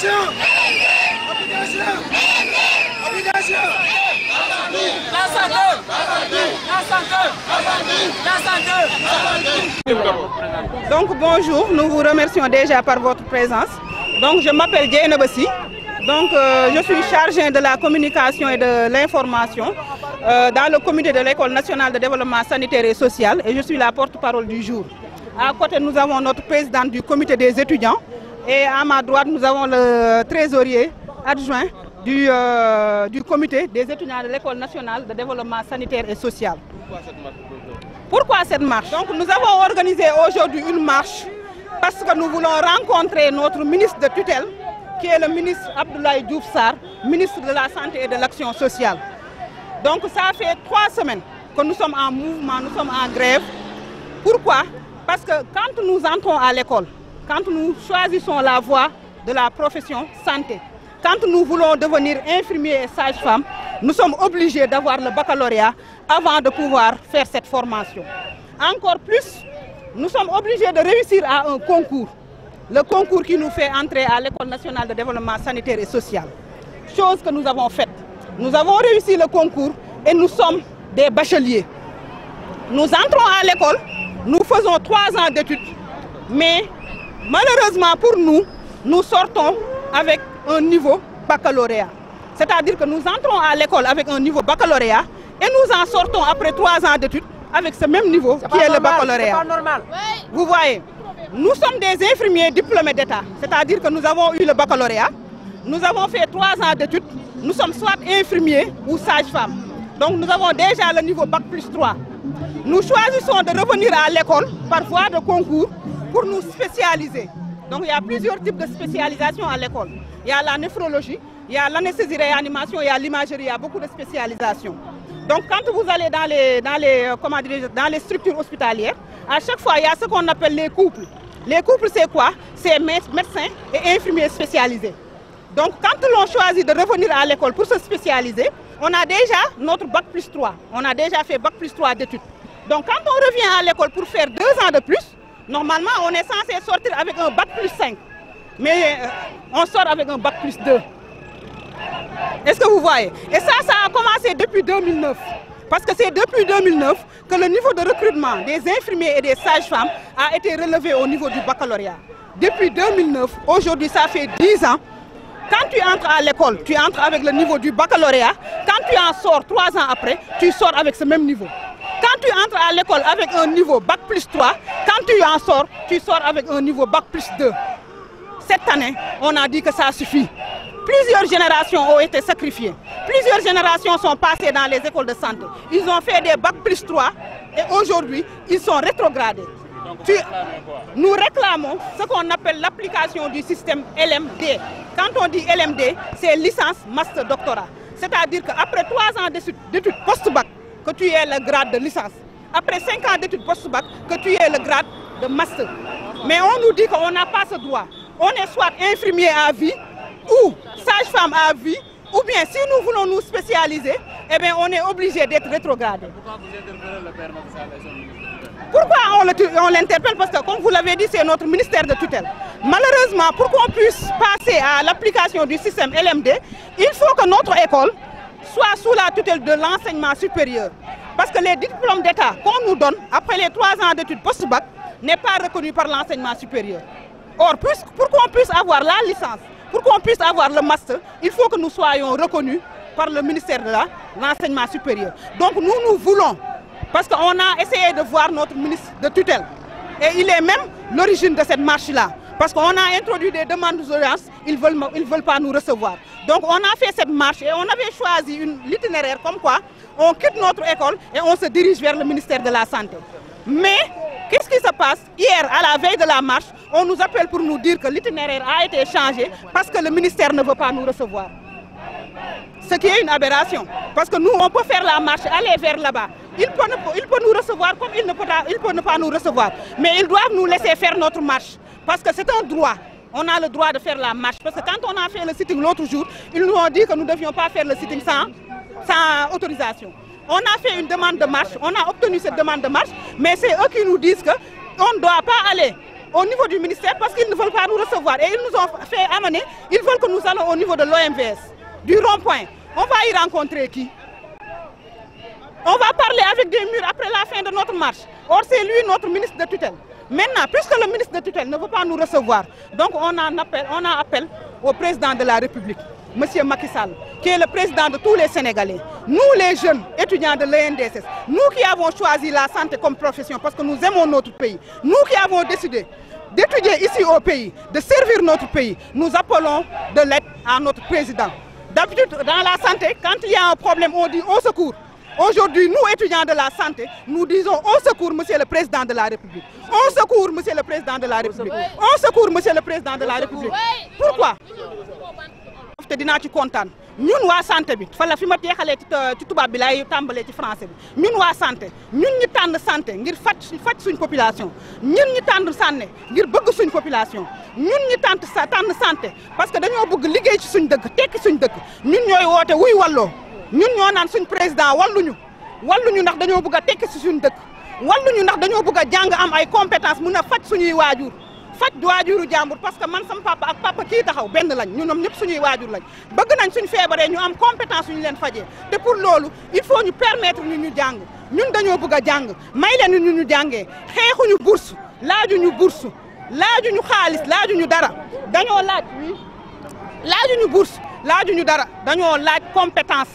obligation obligation obligation la santé la santé la santé donc bonjour nous vous remercions déjà par votre présence donc je m'appelle Dieyna Bassi donc euh, je suis chargée de la communication et de l'information euh, dans le comité de l'école nationale de développement sanitaire et social et je suis la porte-parole du jour à côté nous avons notre présidente du comité des étudiants Et à ma droite, nous avons le trésorier adjoint euh, du, comité des étudiants de l'École nationale de développement sanitaire et social. Pourquoi cette marche Pourquoi Donc nous avons organisé aujourd'hui une marche parce que nous voulons rencontrer notre ministre de tutelle, qui est le ministre Abdoulaye Diouf Sarr, ministre de la Santé et de l'Action sociale. Donc ça fait trois semaines que nous sommes en mouvement, nous sommes en grève. Pourquoi Parce que quand nous entrons à l'école, quand nous choisissons la voie de la profession santé, quand nous voulons devenir infirmiers et sages-femmes, nous sommes obligés d'avoir le baccalauréat avant de pouvoir faire cette formation. Encore plus, nous sommes obligés de réussir à un concours, le concours qui nous fait entrer à l'École nationale de développement sanitaire et social. Chose que nous avons faite. Nous avons réussi le concours et nous sommes des bacheliers. Nous entrons à l'école, nous Malheureusement pour nous, nous sortons avec un niveau baccalauréat. C'est-à-dire que nous entrons à l'école avec un niveau baccalauréat et nous en sortons après trois ans d'études avec ce même niveau qui est le baccalauréat. Vous voyez, nous sommes des infirmiers diplômés d'État, c'est-à-dire que nous avons eu le baccalauréat, nous avons fait trois ans d'études, nous sommes soit infirmiers ou sages-femmes. Donc nous avons déjà le niveau Bac plus pour nous spécialiser. Donc il y a plusieurs types de spécialisation à l'école. y a la néphrologie, il y a l'anesthésie réanimation, il y a l'imagerie, il y a beaucoup de spécialisations. Donc quand vous allez dans les, dans les, euh, comment dans les structures hospitalières, à chaque fois y a ce qu'on appelle les couples. Les couples c'est quoi C'est médecins et infirmiers spécialisés. Donc quand l'on choisit de revenir à l'école pour se spécialiser, on a déjà notre bac plus 3. On a déjà fait bac plus 3 d'études. on revient à l'école pour faire deux Normalement, on est censé sortir avec un bac plus 5, mais euh, on sort avec un bac plus 2. Est-ce que vous voyez Et ça, ça depuis Parce que c'est depuis 2009 que le niveau de recrutement des infirmiers et des sages-femmes a été relevé au niveau du baccalauréat. Depuis 2009, aujourd'hui ça fait 10 ans, quand tu entres à l'école, tu entres avec le niveau du baccalauréat. Quand tu en sors 3 ans après, tu sors avec ce même niveau. Quand tu entres à l'école avec un niveau bac quand tu en sors, tu sors avec un niveau Bac plus 2. Cette année, on a dit que ça suffit. Plusieurs générations ont été sacrifiées. Plusieurs générations sont passées dans les écoles de santé. Ils ont fait des Bac plus 3 et aujourd'hui, ils sont rétrogradés. Donc, tu... Nous réclamons ce qu'on appelle l'application du système LMD. Quand on dit LMD, c'est licence, master, doctorat. C'est-à-dire qu'après trois ans d'études post-bac, que tu aies le grade de licence, après cinquante ans d'études post que tu aies le grade de master. Mais on nous dit qu'on n'a pas ce droit. On est soit infirmier à vie ou sage-femme à vie, ou bien si nous voulons nous spécialiser, eh on est obligé d'être rétrogradé. Pourquoi on l'interpelle Parce que, comme vous l'avez dit, c'est notre ministère de tutelle. Malheureusement, pour qu'on puisse passer à l'application du système LMD, il faut que notre école soit sous la tutelle de l'enseignement Parce que les diplômes d'État qu'on nous donne après les trois ans d'études post-bac n'est pas reconnu par l'enseignement supérieur. Or, pour qu'on puisse avoir la licence, pour qu'on puisse avoir le master, il faut que nous soyons reconnus par le ministère de l'enseignement supérieur. Donc nous, nous voulons, parce qu'on a essayé de voir notre ministre de tutelle, et il est même l'origine de cette marche-là. Parce qu'on a introduit des demandes d'audience, ils ne veulent, ils quoi on quitte notre école et on se dirige vers le ministère de la Santé. Mais qu'est-ce qui se passe Hier, à la veille de la marche, on nous appelle pour nous dire que l'itinéraire a été changé parce que le ministère ne veut pas nous recevoir. Ce qui est une aberration. Parce que nous, on peut faire la marche, aller vers là-bas. Il peut, nous recevoir comme il ne peut, pas nous recevoir. Mais ils doivent nous laisser faire notre marche. Parce que c'est un droit a sans autorisation. On a fait une demande de marche, on a obtenu cette demande de marche, mais c'est eux qui nous disent qu'on ne doit pas aller au niveau du ministère parce qu'ils ne veulent pas nous recevoir. Et ils nous ont fait amener, ils veulent que nous allons au niveau de l'OMVS, du rond-point. On va y rencontrer qui On va parler avec des murs après la fin de notre marche. Or, c'est lui notre ministre de tutelle. Maintenant, puisque le ministre de tutelle président de la République. Monsieur Macky Sall, qui est le président de tous les Sénégalais, nous les jeunes étudiants de l'ENDSS, nous qui avons choisi la santé comme profession parce que nous aimons notre pays, nous qui avons décidé d'étudier ici au pays, de servir notre pays, nous appelons de l'aide à notre président. dans la santé, quand il y a un problème, on dit au secours. Aujourd'hui, nous, étudiants de la santé, nous disons au secours, monsieur le président de la République. Au secours, monsieur le président de la République. Au secours, président de la te dinaa ci kontaan ñun waa santé bi fa fi ma jeexalee euh, ci tubaab bi laay tàmbalee ci français bi ñun waa sante ñun ñu tànn santé ngir faj faj suñ population ñun ñu tànn sànne ngir bëgg suñ population ñun ñu tànn sa tànn santé parce que dañoo bëgg liggéey ci suñ dëkk tekki suñ dëkk ñun ñooy woote wuy walloo ñun ñoo naan suñ président walluñu ñu ndax dañoo bugg a tekk si suñ dëkk walluñu ndax dañoo bugg a jàng am ay compétence mun a faj suñuy waajur faj waajuru jàmbur parce que man sama papa ak papa kii taxaw benn lañ ñu noom ñëpp suñuy waajur lañ bëgg nañ suñ feebaree ñu am compétence yu ñu leen fajee te pour loolu il faut ñu permettre ñu ñu jàng ñun dañoo bëgg a jàng may leen ñu ñu jàngee xeexuñu bourse laajuñu bourse laajuñu xaalis laaju ñu dara dañoo laaj wi laajuñu bourse laajuñu dara dañoo laaj compétence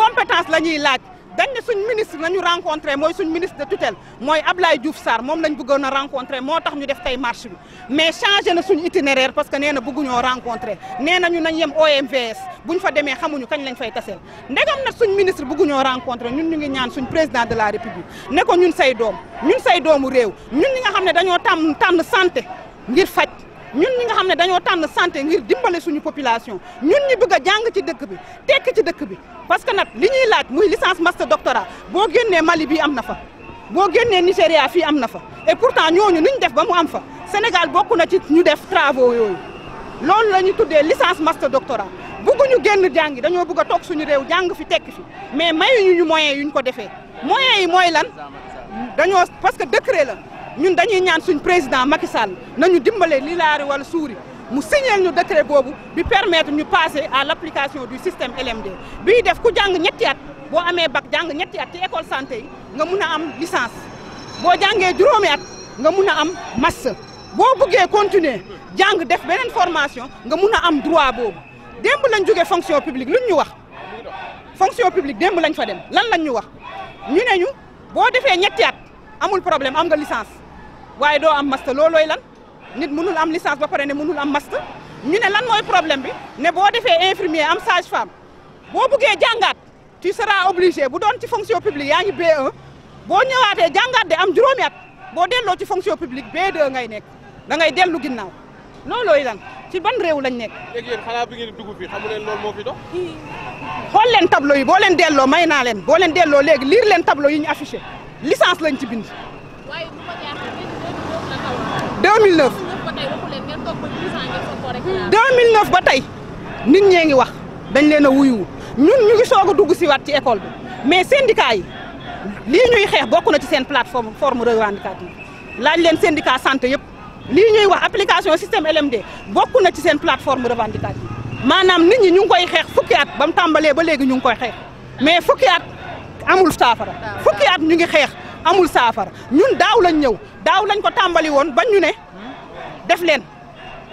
compétence la ñuy laaj dañ ne suñ ministre la ñu rencontré mooy suñ ministre de tutelle mooy Ablaye Diouf Sarr moom lañ bëggoon a rencontré moo tax ñu def tey marche mais changé na suñ itinéraire parce que nee na bëgguñoo rencontré nee nañu nañ yem OMVS buñ fa demee xamuñu kañ lañ fay taseel ndegam nag suñ ministre bëgguñoo rencontré ñun ñu ngi ñaan suñ président de la république ne ko ñun say doom ñun say doomu réew ñun ñi nga xam ne dañoo tàmm tànn santé ngir faj ñun ñi nga xam ne dañoo tànn sante ngir dimbale suñu population ñun ñi bëgg a jàng ci dëkk bi tekk ci dëkk bi parce que nag li ñuy laaj muy licence master doctorat boo génnee Mali bii am na fa boo génnee Nigéria fii am na fa et pourtant ñooñu nuñ def ba mu am fa Sénégal bokku na ci ñu def travaux yooyu loolu la ñu tuddee licence master doctorat bëgguñu génn jàngi dañoo bëgg a toog suñu réew jàng fi tekk fi mais mayuñu ñu moyens yuñ ko defee moyens yi mooy lan dañoo parce que décret la ñun dañuy ñaan suñ président Macky Sall nañu dimbale Liraari wala Suuri mu signeel ñu décret boobu bi permettre ñu passer à l' application du système LMD bii def ku jàng ñetti at boo amee bac jàng ñetti at ci école santé nga mun a am licence boo jàngee juróomi nga mun a am master boo bëggee continuer jàng def beneen formation nga mun a am droit boobu demb lañ jóge fonction publique luñ ñu wax fonction publique demb lañ fa dem lan lañ ñu wax ñu ne ñu boo defee ñetti at amul problème am nga licence waaye doo am master loolooy lan nit mënul am licence ba pare ne mënul am master ñu ne lan mooy problème bi ne boo defee infirmier am sage femme boo buggee jàngaat tu seras obligé bu doon ci fonction publique yaa ngi B1 boo ñëwaatee jàngaat de am juróomi at boo delloo ci fonction publique B2 ngay nekk da ngay dellu ginnaaw loolooy lan ci ban réew lañ nekk. léegi yéen xanaa bi leen loolu moo fi dox. xool leen tableau yi boo leen delloo may naa leen boo leen delloo léegi liir leen tableau yi ñu affiché. licence lañ ci bind. waaye bu ma jaaxlee léegi 2009 la nit ñee ngi wax dañ leen a wuyu ñun ñu ngi soog dugg si waat ci école bi mais syndicat lii ñuy xeex bokk na ci seen plateforme forme revendicative laaj leen syndicat santé yëpp lii ñuy wax application système LMD bokk na ci seen plateforme revendicative maanaam nit ñi ñu ngi koy xeex fukki at ba mu tàmbalee ba léegi ñu ngi koy xeex mais fukki at. amul saafara fukki at ñu ngi xeex amul saafara ñun daaw lañ ñëw daaw lañ ko tàmbali woon ba ñu ne def leen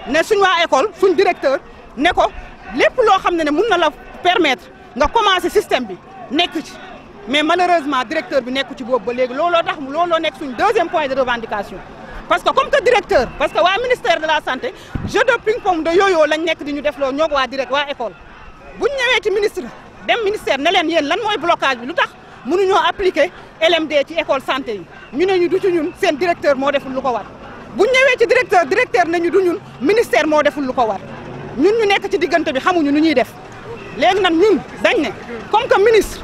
ne suñ waa école suñ directeur ne ko lépp loo xam ne ne mun na la permettre nga commencer système bi nekk ci mais malheureusement directeur bi nekk ci boobu ba léegi looloo tax mu looloo nekk suñ deuxième point de revendication parce que comme que directeur parce que waa ministère de la santé jeu de ping-pong de yooyoo lañ nekk di ñu def loo ñoog waa direct waa école buñ ñëwee ci ministre dem ministère ne leen yéen lan mooy bi lu tax mënuñoo appliquer LMD ci école santé ñu ne ñu du ci ñun seen directeur moo deful lu ko war bu ñëwee ci directeur directeur nañu du ñun ministère moo deful lu ko war ñun ñu nekk ci diggante bi xamuñu nu ñuy def léegi nag ñun dañ ne comme que ministre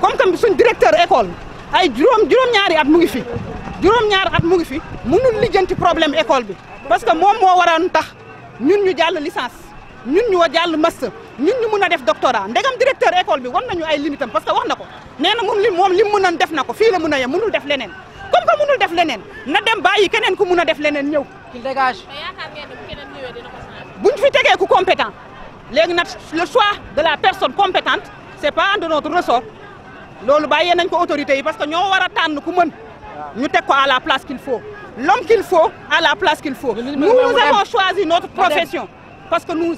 comme que suñ directeur école ay juróom juróom-ñaari at mu ngi fi juróom-ñaari at mu ngi fi mu mënul lijjanti problème école bi parce que moom moo waroon tax ñun ñu jàll licence ñun ñu wa jàll master nit ñu mun a def doctorat ndegam directeur école bi wan nañu ay limitam parce que wax na ko nee na moom li moom a def na ko fii la mën a yem mënul def leneen comme que mënul def leneen na dem bàyyi keneen ku mun a def leneen ñëw. il dégage. buñ fi tegee ku compétent léegi nag le choix de la personne compétente c' est pas de notre ressort loolu bàyyee nañ ko autorité yi parce que ñoo war a tànn ku mën ñu teg ko à la place qu'il faut l'homme qu'il faut à la place qu'il faut nous avons choisi parce que nous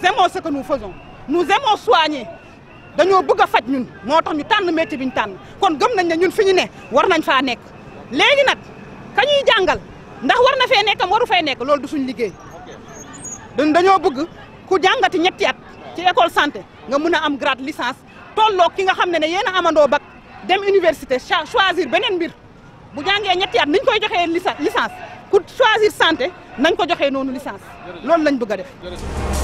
nous aimons soigner dañoo bëgg a faj ñun moo tax ñu tànn métier bi ñu tànn kon gëm nañ ne ñun fi ñu ne war nañ faa nekk léegi nag ka ñuy jàngal ndax war na fee nekkam waru fay nekk loolu du suñ liggéey dañ dañoo bugg ku jàngati ñetti at ci école santé nga mun a am grade licence tolloo ki nga xam ne ne yéen a amandoo bac dem université choisir beneen mbir bu jàngee ñetti at niñ koy joxee licence ku choisir santé nañ ko joxee noonu licence loolu lañ bëgg a def